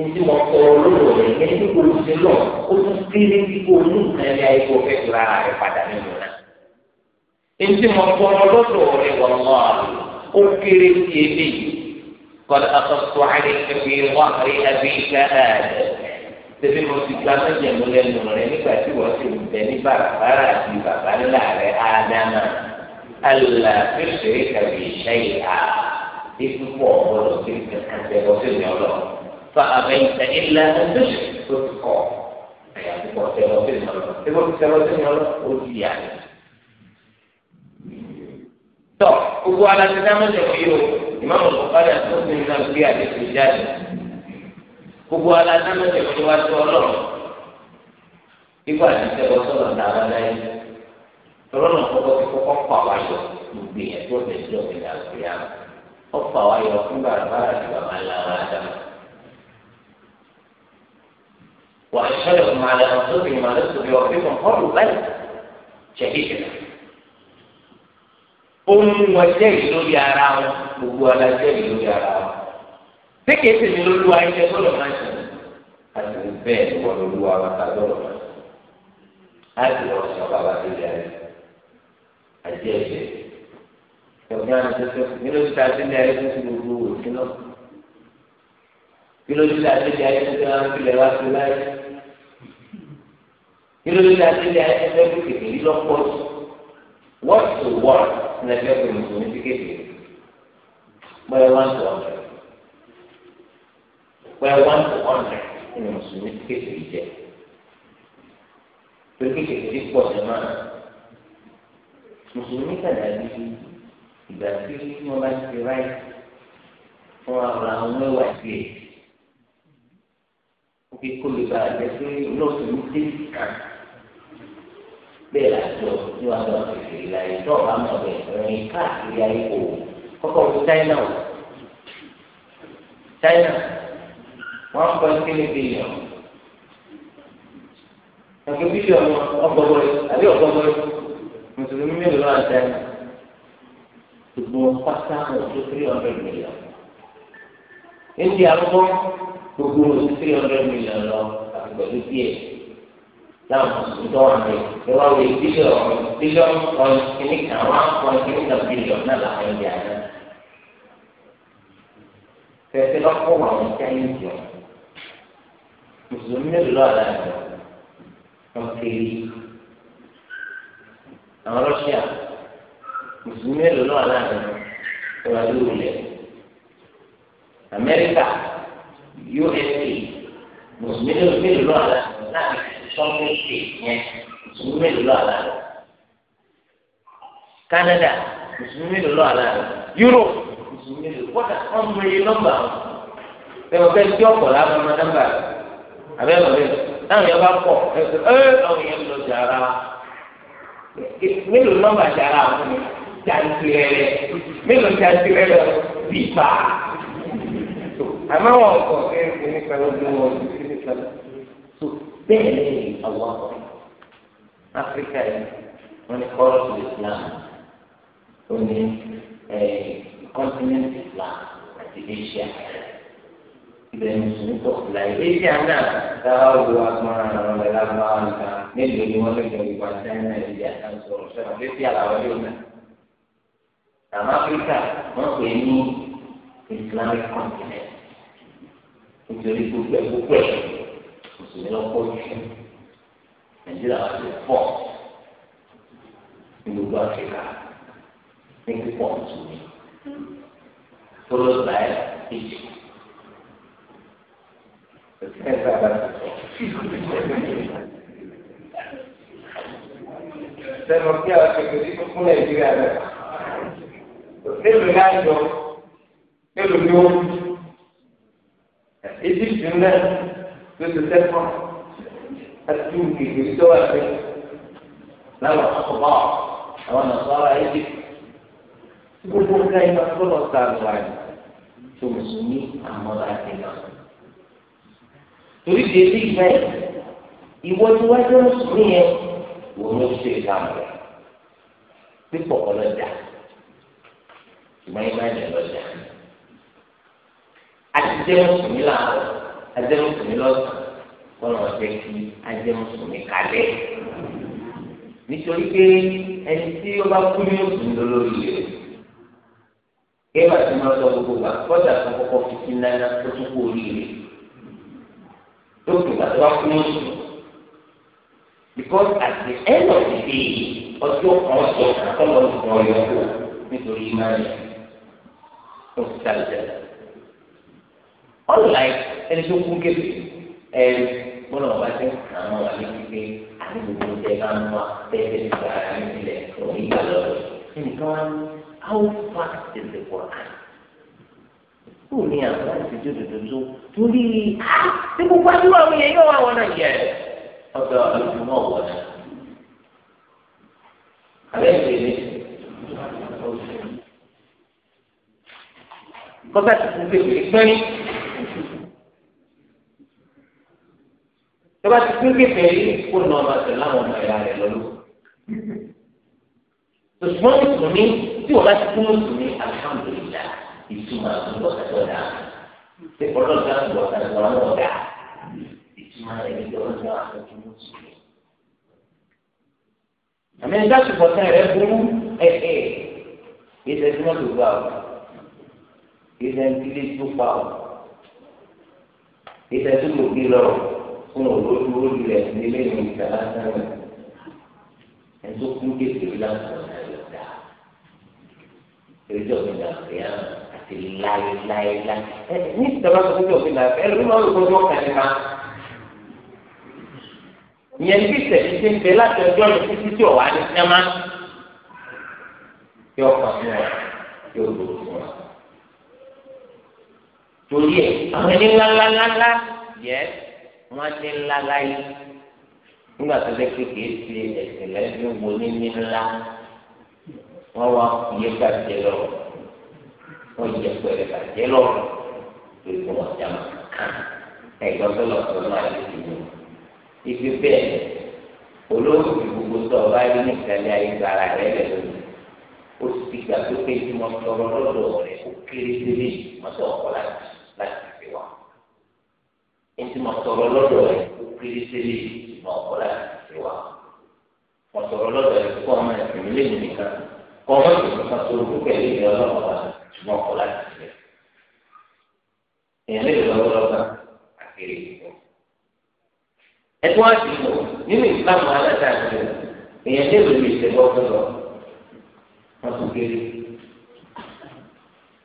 Ntí mo kọ olóòrò rẹ̀ ní ẹni kò ṣe lọ, ó tún kéré bí kò ní nǹkan ẹni ayé kò fẹ́ tura ara rẹ̀ padà nínú náà. Ntí mo kọ olóòrò rẹ̀ wọ̀n mọ́ àlù, ó kéré sí ebí. Kọ́lá àtọ́sọ àdéhùn fi wá rí ẹbí ká ààrẹ. Tẹ̀sí mo ti gba mẹ́jẹ̀ mú lẹ́nu rẹ̀ nígbà tí wọ́n ti bẹ ní bàbára àti bàbá ńlá rẹ̀ Ádámà. Àlàfíìsì ikú pọ̀ gbọdọ̀ sí ẹ̀kọ́ sí ìyọ̀ lọ. fa àbẹ̀yìntà ilẹ̀ ẹ̀dọ́ tó ti kọ̀ ẹ̀yà tó kọ̀ sẹ́wọ́ sí ìyọ̀ lọ. ṣé wọ́n ti sẹ́wọ́ sí ìyọ̀ lọ? ó ti yà ní. gbogbo aláṣẹ dáhùn ṣe fi o ìmáàmù bọ̀kárẹ̀ tó ti nà gbé àdéhùn jáde. gbogbo aláṣẹ dáhùn ṣe fi wá sí ọlọ́run. ikú àti sẹ́wọ́ sọ̀rọ̀ dáadáa láyé. tọ́lọ́nà kọ́kọ́ ti kọ́kọ́ pàwájọ gbogbo ọ̀pọ̀ àwọn ayọ̀ fún bàbá àti bàbá ńlá wọn ádámù. وأشهدكم على أنفسكم ما لست بربكم قالوا بل شهيدا ohun ọjẹ́rìí lórí ara wọn gbogbo ara jẹ́rìí lórí ara wọn pékè sì ni lóluwa ẹgbẹ́ gbọ́dọ̀ máa ṣe àti bẹ́ẹ̀ ni wọ́n lóluwa wa ta gbọ́dọ̀ máa ṣe láti lọ sọ bàbá tó yára àjẹ́ ọ̀gá ni tẹ́tẹ́ kí ló ti ta sí ní ayé tó ti gbogbo wò sí náà kí ló ti ta sí ní ayé tó ti náà kílẹ̀ wá sí láyé kí ló ti ta sí ní ayé tó ti náà kékeré yìí lọ́pọ̀ jù wọ́n tó wọ́n ní ẹgbẹ́ pẹ̀lú ìṣòwò ní kékeré pẹ́ wọ́n tó ọ̀nà pẹ́ wọ́n tó ọ̀nà ní mùsùlùmí kékeré jẹ́ torí kékeré pọ̀ sí máa mùsùlùmí kàn ìgbà tí wọ́n bá ti ráì fún àwọn àwọn ẹwà tiẹ̀ ó fi kó lè ba àgbẹ̀ pé lóòótọ́ ní déètì kan bẹ́ẹ̀ lájọ tí wọ́n lọ fèsì ìlàyé tó ọ̀bá mọ̀ bẹ̀ rìn káàkiri ayé kò kọ́kọ́ fún China o China one point three billion ẹgbẹ́ bílíọ̀nù ọgbọ̀gbọ̀rẹ́ àbí ọgbọ̀gbọ̀rẹ́ mùsùlùmí mélòó náà China gbogbo pátá oṣù three hundred million ebi arúgbó gbogbo oṣù three hundred million lọ àti pẹ̀lú díẹ̀ náà ìjọ wà ní ìwà wòye bílíọ̀nù bílíọ̀nù pọ̀n kìíní kan wá pọ̀n kìíní kan bílíọ̀nù náà làwọn ẹ̀yà náà tẹ̀sí lọ́kọ̀ wà wọ́n ká yín jọ mùsùlùmí lọ́ọ̀ àlàyé wọn kiri àwọn rọ́ṣíà mùsùlùmí èlò náà láàrin ìwà lóru lẹ amẹ́ríkà usa mùsùlùmí èlò mélòó náà láàrin láàrin sọ́ọ́nù ṣe yẹn mùsùlùmí mélòó náà láàrin canada mùsùlùmí mélòó náà láàrin europe mùsùlùmí mélòó kọ́tà wọ́n mú iye nọ́mbà wọn bẹ́ẹ̀ wọ́n fẹ́ẹ́ tí ọ̀pọ̀ láàrin ọmọ nọ́mbà àbẹ́ bàbẹ́ táwọn yẹn bá pọ̀ ẹ ẹ àwọn yẹn lọ jàrá mélòó nọ́mbà jàrá àwọn yẹn jantirẹlẹ mélòó jantirẹlẹ bíbá àmọ́ wọn kọ ẹ ní kàlọ́ ní wọn ní kàlọ́ tó bẹ́ẹ̀ ni àwọn ọkọ áfíríkà yìí wọn ni kọ́rọ́ tó islam ó ní continent islam àti asia ibẹ̀ mùsùlùmí tó fìlà yìí asia náà dáwà wo agbára àwọn ọ̀rẹ́ lágbára nǹkan mélòó ni wọ́n lè jọ ìgbà sẹ́yìn náà ìdí àtàkùn sọ̀rọ̀ sọ̀rọ̀ àbẹ́sí àlàó yóò náà. àwọn áfíríkà wọn pè ní islamic continent nítorí gbogbo ẹ gbogbo ẹ mùsùlùmí lọ́pọ̀ jù nàìjíríà wà lè pọ̀ ní gbogbo áfíríkà ní pípọ̀ mùsùlùmí followed by egypt. Sẹ́nu kí a ṣe kò sí fún Nàìjíríà náà. mélòó ní àjọ mélòó ní ó egypt ńlẹ tó ti sẹ́kọ̀ àti òkèèrè tó wà pé láwọn ọ̀pọ̀ àwọn nàṣọ́ra egypt gbogbo ńlá iná tó lọ sí àlọ́ àyè tó mùsùlùmí àmọ́ra ti lọ. torí délé ìgbà yìí ìwọ tí wájú mùsùlùmí yẹn wò ló ṣe ìdáhùn rẹ̀ pípọ̀ ọlọ́jà. ṣùgbọ́n yín máa ń yẹn lọ́jà. Àtijọ́ mùsùlùmí làárọ̀, àtijọ́ mùsùlùmí lọ́sàn-án, kọ́nà ọ̀jẹ̀ kí àtijọ́ mùsùlùmí kalẹ̀. Nítorí pé ẹni tí ó bá kú ní mùsùlùmí lórí rẹ̀. Kéwà tí máa sọ gbogbo wa, kọ́jà kan kọ́kọ́ fi sí náírà tó tún kú orí rẹ̀. Lókè ìgbà tó bá kú ní mùsùlùmí. Because at the end of the day, ọjọ́ kan sọ̀rọ̀ àtọ́lọ́dún kan yọ nítorí máa yẹ kò sí sáré jẹ ọlọlá ẹni tó kú kébé ẹ wọn lọ bá tẹ àwọn wà ní kíkẹ àti gbogbo tẹ bá ń wá tẹsẹ ní sàrà ní ilẹ̀ òní ìgbà lọ́rọ̀ nǹkan wá ní how fast is the Quran kú ní àwọn àti dòdòdò tó I tí gbogbo àdúrà àwọn yẹn yóò wá wọn náà yẹ ọ̀dọ̀ àlùfáà náà wọn kọ́sá ti fún bèbè pẹ́rín. tọ́ba ti fún bèbè yìí kó nà ọmọ àti láwọn ọmọ ìyá rẹ̀ lọ́lọ́. òṣùwọ̀n mùsùlùmí tí wọ́n bá ti fún mùsùlùmí alihamudulilá ìtumọ̀ àtúntò ọ̀dà ṣé ọlọ́dà ń bọ̀ ọ̀dà ọ̀dà ìtumọ̀ rẹ̀ ní ọlọ́dà àtúntò mùsùlùmí. àmì ẹ̀dá ṣùgbọ́n rẹ̀ burú ẹ̀ẹ́ ìṣẹ́jú ilẹ̀ ìdílé tó pa ọ́ ilẹ̀ tó lò bí lọ fún olójú olùlẹ̀ nílé ní ìtàlá náà ẹni tó kú kéde lásán náà lọ dá ìrìjọ́ mi náà kìí hàn àti láéláéláé ẹ ní ìtàlá tó kú mi náà ẹ lórí máa ń lò tó kàn ní ma ìyẹn bí ìtẹ̀lé ti ń bẹ láti ọjọ́ lọ títí tí ọ̀wá ní sẹ́mà yóò kàn fún wa yóò lò fún wa torí ẹ àwọn ẹni ńláńláńlá yẹ wọn ti ńlá láyé nígbà tó lè pé kìí ṣe ẹsẹ lẹbi wo ní ní ńlá wọn wá yẹ bàjẹ́ lọ wọn yẹ pẹrẹ bàjẹ́ lọ lórí wọn jàmọ kàn ẹgbẹ́ tó lọ sọ náà lè ti wọ ibi bẹ́ẹ̀ olóòtú gbogbo tó ọba yìí ní ìtàlẹ̀ ayé gbàrà rẹ lẹ lónìí ó sì gbà tó pé tí wọn tọrọ lọ́dọ̀ rẹ kó kéré sílé mọ́tò ọkọ láti wa ètò mọ̀tọ́rọ̀ lọ́dọ̀ rẹ̀ kó kéré sílé ìmọ̀ ọ̀pọ̀ láti ṣe wa mọ̀tọ́rọ̀ lọ́dọ̀ rẹ̀ kó ọmọ ẹ̀sìn lé mi nìkan kó ọmọ ẹ̀sìn nìkan tó rú pẹ̀lú ìyá ọlọ́run wa ìmọ̀ ọ̀pọ̀ láti ṣe èèyàn lè lọ́wọ́ lọ́gbà àkèrè ẹ̀tún àti ìmọ̀ nínú ìsìlámù alátàgbẹ̀ èèyàn lè lọ́wọ́ ìṣẹ̀gbọ́ fún lọ wọn tún kéré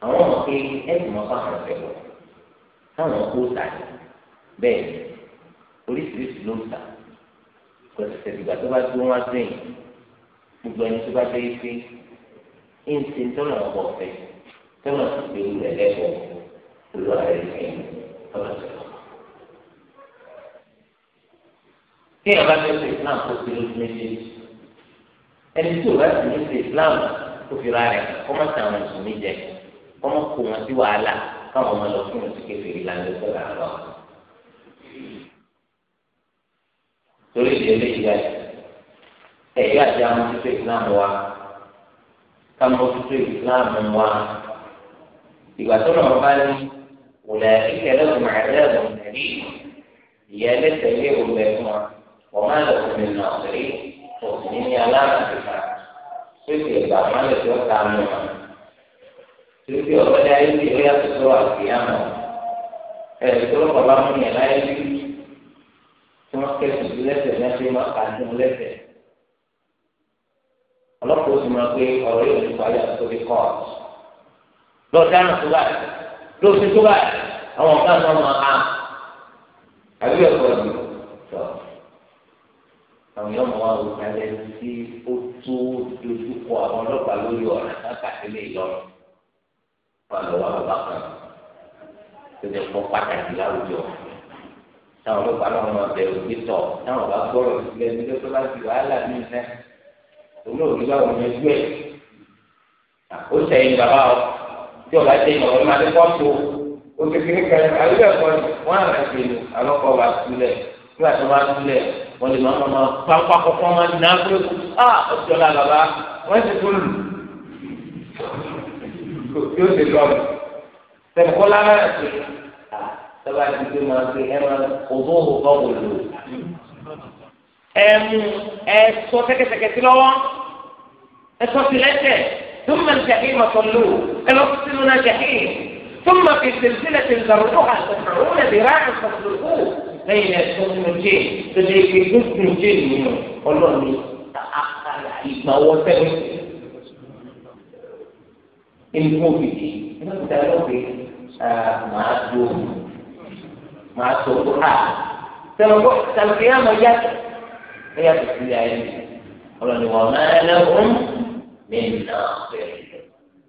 àwọn ọmọ pé ẹ̀sìn mọ̀ fáwọn ìṣẹ̀gbọ́ táwọn kó tà ní bẹ́ẹ̀ ni oríṣiríṣi ló ń tà pẹ̀sẹ̀ ìgbà tó bá tó wá sẹ́yìn gbogbo ẹni tó bá fẹ́ fi ń ti tọ́nà ọ̀pọ̀ fẹ́ tọ́nà ìgbé rẹ̀ lẹ́kọ̀ọ́ olú ààrẹ fẹ́ tọ́nà ìgbà. kí ẹ̀ bá fẹ́ fẹ́ Islam kó ti lójú méjèèjì ẹni tí bá sì ní fẹ́ Islam kó fi ra rẹ̀ kọ́ mọ́ sí àwọn ìsúnmí jẹ kọ́ kó wọn sí wàhálà káwọn ọmọ lọ fún ìsìnkè fèrè lánàá tó là ń lọ. torí ìdí eléyìí dá ẹ̀yà àti àwọn títí islam wa káwọn títí islam wa ìgbà tó lọ́wọ́ bá ní wòlẹ̀ ìkẹlẹ́ ọ̀gbìn àti ẹ̀gbọ́n nàbí ìyá ẹlẹ́sẹ̀ ilé ìwòlẹ̀ fún wa wọ́n máa lọ fún mi náà rí òsì ní aláàbò kíkà tó ti ẹ̀gbà máa lọ sí ọ̀tá mi wọn torí bí ọ̀rẹ́ ayé ti rí àtúntò àgbéyàmọ̀ ẹ̀ ìtọ́lọ́ bàbá mú yẹn láyé rí tí wọ́n kẹ́sùn sí lẹ́sẹ̀ náà fi máa kà sí lẹ́sẹ̀ ọlọ́pàá ó sì máa pé ọ̀rọ̀ yóò ti parí àtúntò bí kọ́ọ̀tù lọ dáná tó báyìí lọ sí tó báyìí àwọn ọ̀gá náà máa há àbí ọ̀pọ̀ ìlú tọ̀ àwọn yóò mọ àwọn òkàlẹ̀ tí ó tó dojú kọ àwọn ọlọ́pàá lórí ọ̀ràn náà kàtẹ́lẹ̀ ìlọrin wà lọ́wọ́ àbúrò kan tó pàtàkì láwùjọ táwọn ọlọ́pàá náà máa bẹ̀rù títọ̀ táwọn bá gbọ́rọ̀ sílẹ̀ nílé tó bá ti wàhálà ní ìfẹ́ olóògbé báwọn ọmọ ẹgbẹ́ ó sẹ́yìn bàbá ọ tí ọba sẹ́yìn ọ̀rọ̀ máa ní pọ́ńtò ó kékeré kan àlùbẹ̀ ẹ̀kọ́ ni wọ́n á rà sí inú alọ́kọ̀ wà sílẹ̀ nígbà tó wà sílẹ̀ wọ́n lè máa máa pápá kọ́kọ́ máa ná fúlẹ́kù á ọ̀ṣọ́lá bàbá wọ́n ti fún lù tí ó ti lọ mi tẹ̀kọ́lá náà ti sábà ti gbé máa gbé ẹ máa òbó òbá wò lò ẹ mú ẹ sọ tẹ́kẹ́tẹ́kẹ́ sí lọ́wọ́ ẹ sọ sí lẹ́sẹ̀ ثم الجحيم صلوه الوقتنا جحيم ثم في سلسلة ذرعها سبعون ذراعا فاسلكوه لين يكون الجن تجري في جزء الجن منه والله يتعقل عليك ما هو سبب kíni fún òfìdí nígbà tí a lọ pé màá do màá tó tó ha sọ̀rọ̀ sàlùkì yà mọ̀ yá ẹ yà tó sílẹ̀ ayé mi ọlọ́ni wọ́n máa lẹ́hùn mí nà bẹ̀rẹ̀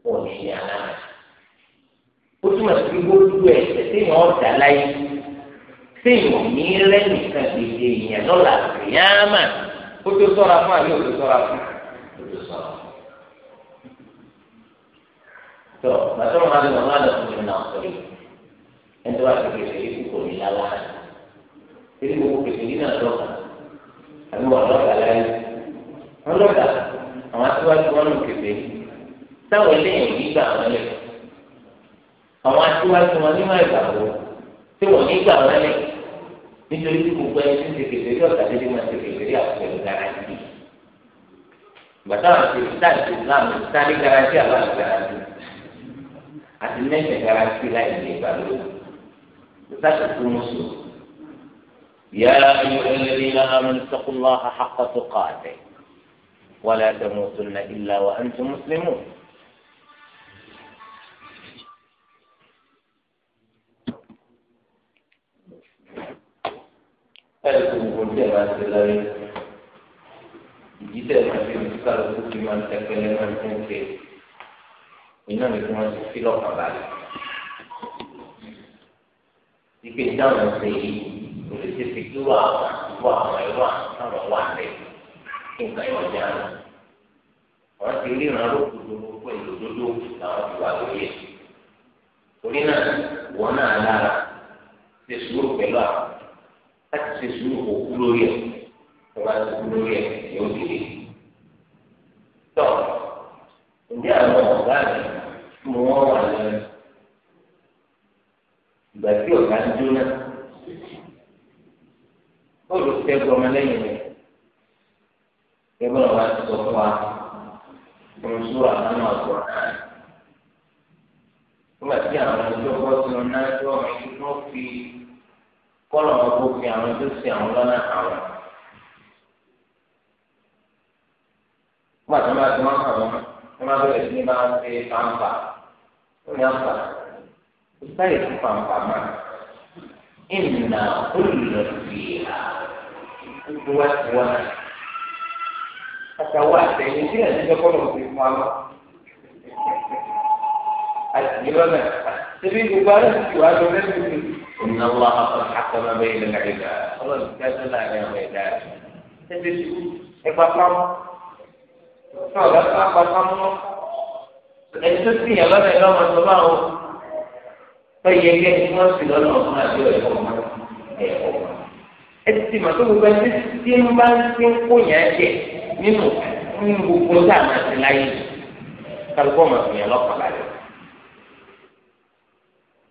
ó ní ní alára ó túmọ̀ sí pé gbogbo ẹ̀sẹ̀ tí wọ́n dà láyé tí wọ́n ní lẹ́nìkan gbèdé ìyẹn lọ́la ìyá ó tó sọ́ra fún àbí ó tó sọ́ra fún ó tó sọ́ra fún tó màtọ́ máa lè màmá lọ fún mi náà sọ̀rọ̀ ẹni tó bá ti kẹsẹ̀ yìí kò ní yàrá èyí gbogbo kẹsẹ̀ yìí náà lọ́kà àbí wọn lọ́kà láyé wọn lọ́kà àwọn aṣíwájú wọn nù kẹsẹ̀ yìí táwọn eléyìí nígbà wọn lẹ àwọn aṣíwájú wọn nímọ̀ ìgbàgbọ́ tí wọn nígbà wọn lẹ nítorí tí gbogbo ẹni tí ń tètè lórí ọ̀gá dédé máa tètè lórí àpẹẹrẹ garanti gbàtà àti ìtàn ìsìlámù ìtàn ní garanti àbá ìgaranti. àti mẹ́tẹ̀ kára sí láì lè bá lóyún sáṣà tó ń sọ. يا أيها الذين آمنوا اتقوا الله حق تقاته ولا تموتن إلا وأنتم مسلمون ẹlẹ́kùn gbogbo tí ẹ máa ti lọ yìí ìdí tẹ̀ máa fi ń sáré tó ti máa ń tẹ́kẹ́lẹ́ máa ń tún tun iná ní kí wọ́n ti fi lọ́kàn balẹ̀ ìpè táwọn ṣe yìí kò lè ṣe fi kí wọ́n àwọn àtúbọ̀ àwọn ẹ̀rọ àtúbọ̀ wà lẹ̀ kí nǹkan yọ̀ já lọ wọ́n ti rí ìrànlọ́ kúndùnú pé ìlòdòdó làwọn ti wà lóye torí náà wọ́n náà lára ṣe sùúrù pẹ̀lú àwọn láti ṣe sùúrù òkú lórí ẹ̀ tó bá ti kú lórí ẹ̀ yóò dìde. tọ́ ǹjẹ́ àwọn ọ̀gá mi. mo wọ́n wà lẹ́nu ìgbà tí ọ̀gá ń jóná bóòlù tẹ́gbọ́ ọmọlẹ́yìn rẹ̀ kẹ́gbọ́n wa ti sọ fún wa fún sùúrù àwọn ọ̀gbọ́n ọkwa nígbà tí àwọn ọjọ́ bọ́ sínú náà tí wọ́n fi wọ́n fi kọ́lọ̀ wọn fi àwọn tó sin àwọn lọ́nà àwọn. nígbà tí bẹ̀rẹ̀ ní máa ń ṣe pàǹpà ó ní àǹfà kò sáyè fún pàǹpà máa ìnà olùlọ́sìlá gbogbo wa ti wá àtàwọn àtẹ̀yìn tí ẹ̀ ń jẹ́ kọ́ lọ́ọ́ fi fún wa lọ. àtìlọ́nà ṣẹbi gbogbo ara ti wá lọ lẹ́nu mi. إن الله قد حكم بين العباد. الله كذا لا يعلم إلا هو. ṣẹbi ẹgbàá pamọ́. ṣọlá ẹgbàá pamọ́. ẹni tó sì yàn lọ́nà ìlú ọmọ tó bá wọn tó yẹ kí ẹni tí wọ́n sì lọ́nà ọ̀hún àti ẹ̀kọ́ ẹ̀kọ́ ẹ ti mà tó gbogbo ẹni tí ń bá ń tí ń kó yàn jẹ nínú nínú gbogbo tá a máa ti láyé kálukọ́ ọmọ tó yàn lọ́kàn balẹ̀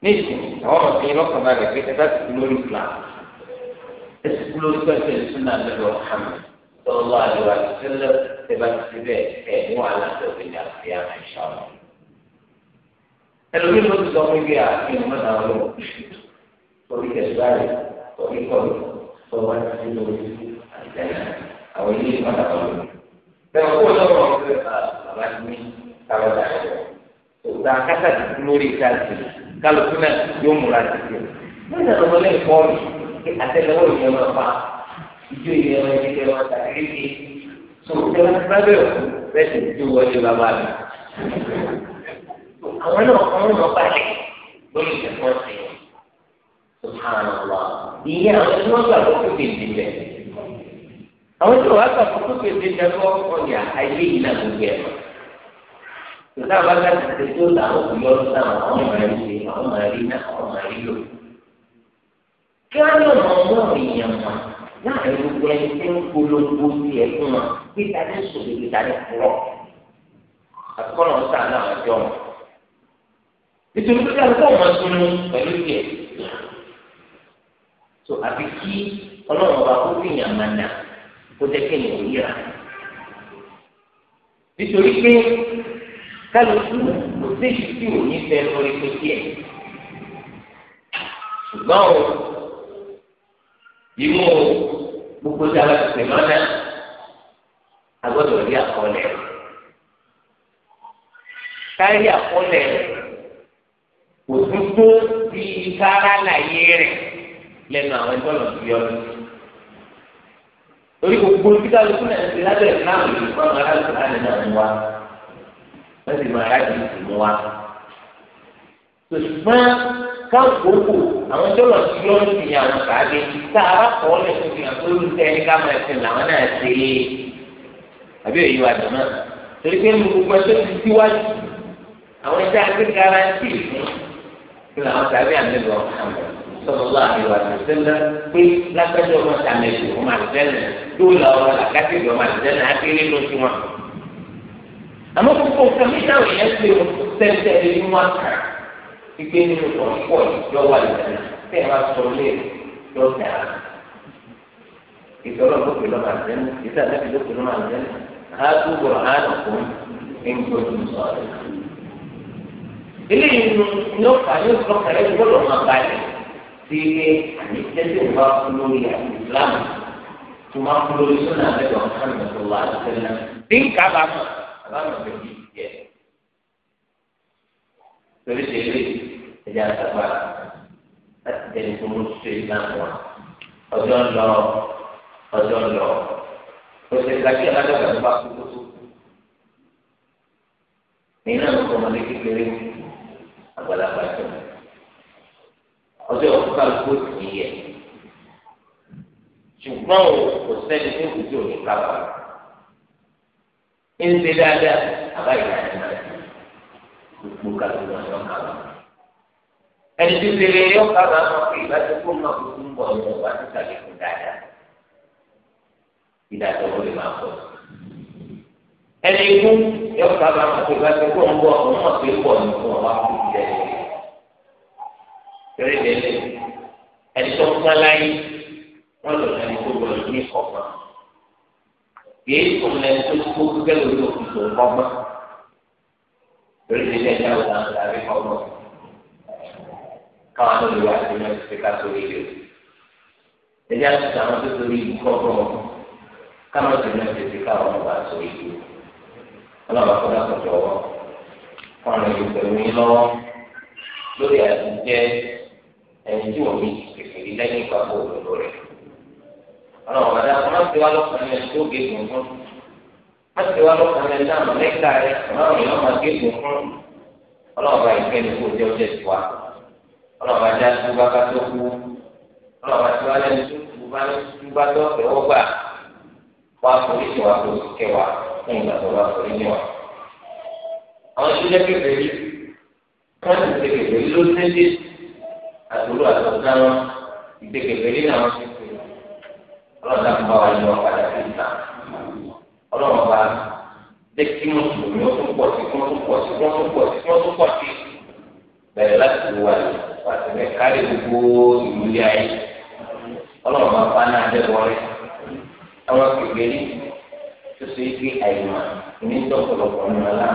nísìnyí àwọn ọmọ tó yàn lọ́kàn balẹ̀ pé ẹ bá ti kú lórí flam ẹ ti kú lórí pẹ̀lú ẹ̀ sínú àgbẹ̀rẹ̀ ọ̀hánmi tọ́lá àdìwà ìṣẹ̀lẹ̀ tẹ́bá ti fi bẹ́ẹ̀ ẹ̀ ní wàhálà tó fi dà sí àmì ìṣọ̀rọ̀. ẹlòmíì ló ti sọ fún ibi àfihàn mọ́nà ọ̀rọ̀ torí kẹsìláàrì torí kọ́lù tó wá ti fi lórí àtìlẹ́yìn àwọn ilé ìmọ̀nà ọ̀rọ̀. bẹ́ẹ̀ kó lọ́wọ́ ọ̀rẹ́ ah, bàbá ti ní káwọn dà ẹ̀ òtà kásá ti kú lórí káàtì kálukú náà yóò múra títí. mọ́nà ọ̀rọ̀ lẹ́yìn kọ́ọ̀lù àtẹlẹwọ́ ìyẹn máa fa ìjọ ìyẹn máa ń jẹ wọn sábẹ́ òkú bẹ́ẹ̀ sì ti wọlé bàbá mi. àwọn náà kọ́ ọ́n lọ́ọ́ balẹ̀ lórí ìtẹ̀kọ́ sí i. subhanallah ìyẹn àwọn tí wọ́n gbà fún kókè ti bẹ̀. àwọn tí wọ́n gbà fún kókè ti bẹ̀ fún ọ̀yà ayé yìí náà gbogbo ẹ̀ mọ́. ìgbà bá gbà tètè tó làwọn kò yọ ọ́n àwọn máa rí ṣe àwọn máa rí náà àwọn máa rí lò. kí wọ́n yọ̀ láàrin gbogbo ẹni tí ń polongo sí ẹ̀fún wa gbígbà ní sòdò gbígbà ní kúrọ̀ àtúkọ́ náà sàn náà àjọ wọn. nítorí pé káwọn kọ́ máa sunu pẹ̀lú tiẹ̀ tó àfi kí ọlọ́run ọba kó fi yàn máa nà kó jẹ́ kí ènìyàn yíra. nítorí pé kálukú kò sí ìṣú tí fẹ́ lórí pé tiẹ̀ ṣùgbọ́n o ìmú gbogbo tí a bá ti pè mọ́ náà a gbọ́dọ̀ rí àkọọ́lẹ̀ kárí àkọọ́lẹ̀ kò tún tó bí kára láyé rẹ̀ lẹ́nu àwọn ẹgbẹ́ ọ̀nà tó yọ lọ́sí torí gbogbo títà lóko náà ti lábẹ́ ìsìláàmù yìí fún àwọn aráàlú láti náà mú wa wọ́n sì máa mú wa. ṣùgbọ́n káwọn kò àwọn tó lọ sí yọrù sí àwọn sàábé tá a bá kọ́ lè fún fìyà pé olùsẹ́ ẹni ká máa ẹsẹ̀ làwọn náà ṣe é àbí èyí wa dùn náà torí pé nínú gbogbo ẹjọ́ ti síwájú àwọn ẹjọ́ àti garanti fún kí làwọn sàábé àmẹ́lò sọ̀rọ̀ lọ́wọ́ àbíwá tó ṣẹlẹ̀ pé lágbájọ́ ọmọ sàmẹ́lò ọmọ àlùfẹ́lẹ̀ yóò la ọmọ làkàtìgbọ̀ ọmọ àlùfẹ́lẹ̀ àkéré lóṣù wọn àmọ́ kókó kàmíkà pípé nínú ọ̀pọ̀ ìjọ wà lẹ́nu tẹ́ ẹ máa sọ lé lọ dà ìtọ́lọ́ ló pè lọ́mọ àtẹ́nu ìtọ́ àtẹ́nu ló pè lọ́mọ àtẹ́nu àádó gbọ̀rọ̀ àádó fún ẹnìkan tó ń sọ rẹ̀. eléyìí ni ó fà yóò sọ kàlẹ́ tó lọ́ máa balẹ̀ sí àmì tẹ́tẹ́ ìwà lórí ìsìlámù tó máa ń lórí sọ́nà àbẹ̀wò àkànnà tó wà lọ́sẹ̀lẹ̀. bí kábàámọ̀ àbámọ̀ bẹ̀rẹ̀ yìí jẹ́ torí ṣe eléyìí ẹ̀jẹ̀ àtàgbà láti tẹ̀lé tó mú ṣe ìlànà wa ọjọ́ ń lọ ọjọ́ ń lọ oṣù ìgbàgbé alágbàgbà tó bá kú tó tó kú nínú àwọn ọmọdé kékeré àgbàlagbà tó ọjọ́ òkúta lóko tì í yẹ ṣùgbọ́n kò sẹ́ni tó kù tí ò ní kápá ń ṣe dáadáa àbáyé àti náà gbogbo kàlùkù ọ̀yọ́ kàlùkù ẹni tí tẹ́lẹ̀ yọ kábàá máa fi ìbáṣe kó máa fi fún bọ ọjọ́ wa ti tàbí fún dáadáa ìdájọ́ wọlé máa bọ ẹni ikú yọ kábàá máa fi ìbáṣe kó ń bọ ọmọ máa fi bọ ní fún ọba fún ìjẹ tẹ́lẹ̀ tẹ́lẹ̀ ẹni tó ń pọn láyé wọn lọ lẹni tó lọ ní ọgbà kìí fún lẹni tó tó gẹ́gẹ́ lórí òkùnkùn ọgbà tẹ́lẹ̀ tẹ́lẹ̀ ẹni tó ń pọn láyé káwọn lórí wa ti mọ ìfẹ́ ká sórí rẹ̀ ẹ̀jẹ̀ àtúntò àwọn tó sórí ìlú kọ́kọ́ káwọn tó mọ ìfẹ́ ká wọn bá sórí ìlú ọlọ́run kọ́ dákọ̀ jọ̀wọ́ wọn lè pẹ̀lú yín lọ́wọ́ lórí àtúntẹ́ ẹni tí wọ́n mi kẹfẹ́ rí lẹ́yìn ìpapọ̀ òdodo rẹ̀ ọlọ́run bàdá kọ́ máa ń fi wá lọ́kàn ẹni tó gé gùn fún máa ń fi wá lọ́kàn ẹni náà mọ̀ lẹ́ka rẹ̀ máa ń yọ̀ máa gé gùn fún ọlọ́run bá ìfẹ́ ni kò jẹ́ ọjọ́ ìfọ̀ ọlọ́run bá já túbá bá tó kú ọlọ́run túbá túbá tó ọ̀fẹ́ gbà wá tó kẹwàá fún ìgbà tó wá wa. àwọn kékeré yìí wọ́n ti kékeré ló wọn kékeré náà padà sí ìta pàṣẹ bẹ́ẹ̀ kárí gbogbo ìlú ilé ayé ọlọ́run máa fa náà dẹ́ wọlé àwọn kékeré tó so yìí pé àyùmá ní ìjọpọlọpọ ní ọlá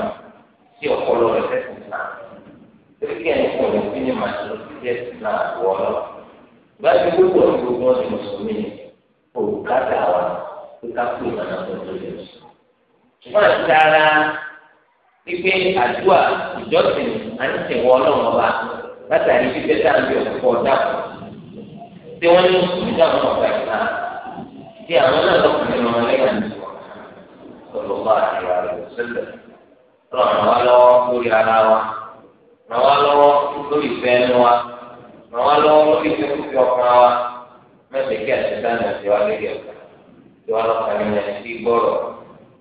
tí ọpọlọ rẹ fẹsẹ̀ náà torí kí ẹni kò ní kí ni màá lọ sí ẹsẹ̀ náà wọ ọ lọ gbàgbé gbogbo ọdún gbogbo ọdún mùsùlùmí ni wa pé kú ìmọ̀nà tó tó lè sùn. wọ́n ti dára wípé àdúrà ìjọsìn àti ìwọ ọlọ́run ọba látàrí fífẹ́ dáńbí ọ̀pọ̀ dàpọ̀ tí wọ́n ní mùsùlùmí dáhùn ọ̀gá ìlà tí àwọn náà lọ́kùnrin wọn lẹ́yìn ọ̀lọ́wọ́ àríwá rẹ̀ sílẹ̀ ràn wá lọ́wọ́ lórí ara wa ràn wá lọ́wọ́ lórí ìfẹ́ ẹnu wa ràn wá lọ́wọ́ lórí ìfẹ́ kúkú ọkàn wa mẹ́tẹ̀ẹ́ kí àti dáná ti wá lórí ẹ̀ka tí wọ́n lọ́kàn nínú ẹ̀ sí gbọ́rọ̀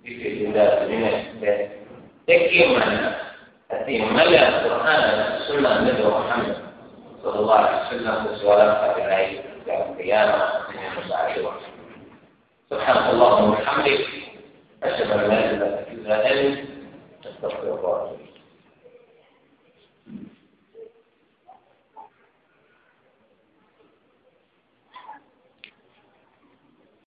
fífi ìdúdà sí nínú ẹ̀ jẹ́ kí ìmọ̀ náà àti ìmọ̀lẹ̀ àkùrán súnà nílò Muhammad sọlọ́wọ́ àṣìṣẹ́nà kò sí wàlá àti náà ìgbà ìyáàmà nínú ìgbà àríwá. سبحانك اللهم وبحمدك أشهد أن لا إله إلا أنت أستغفرك وأتوب إليك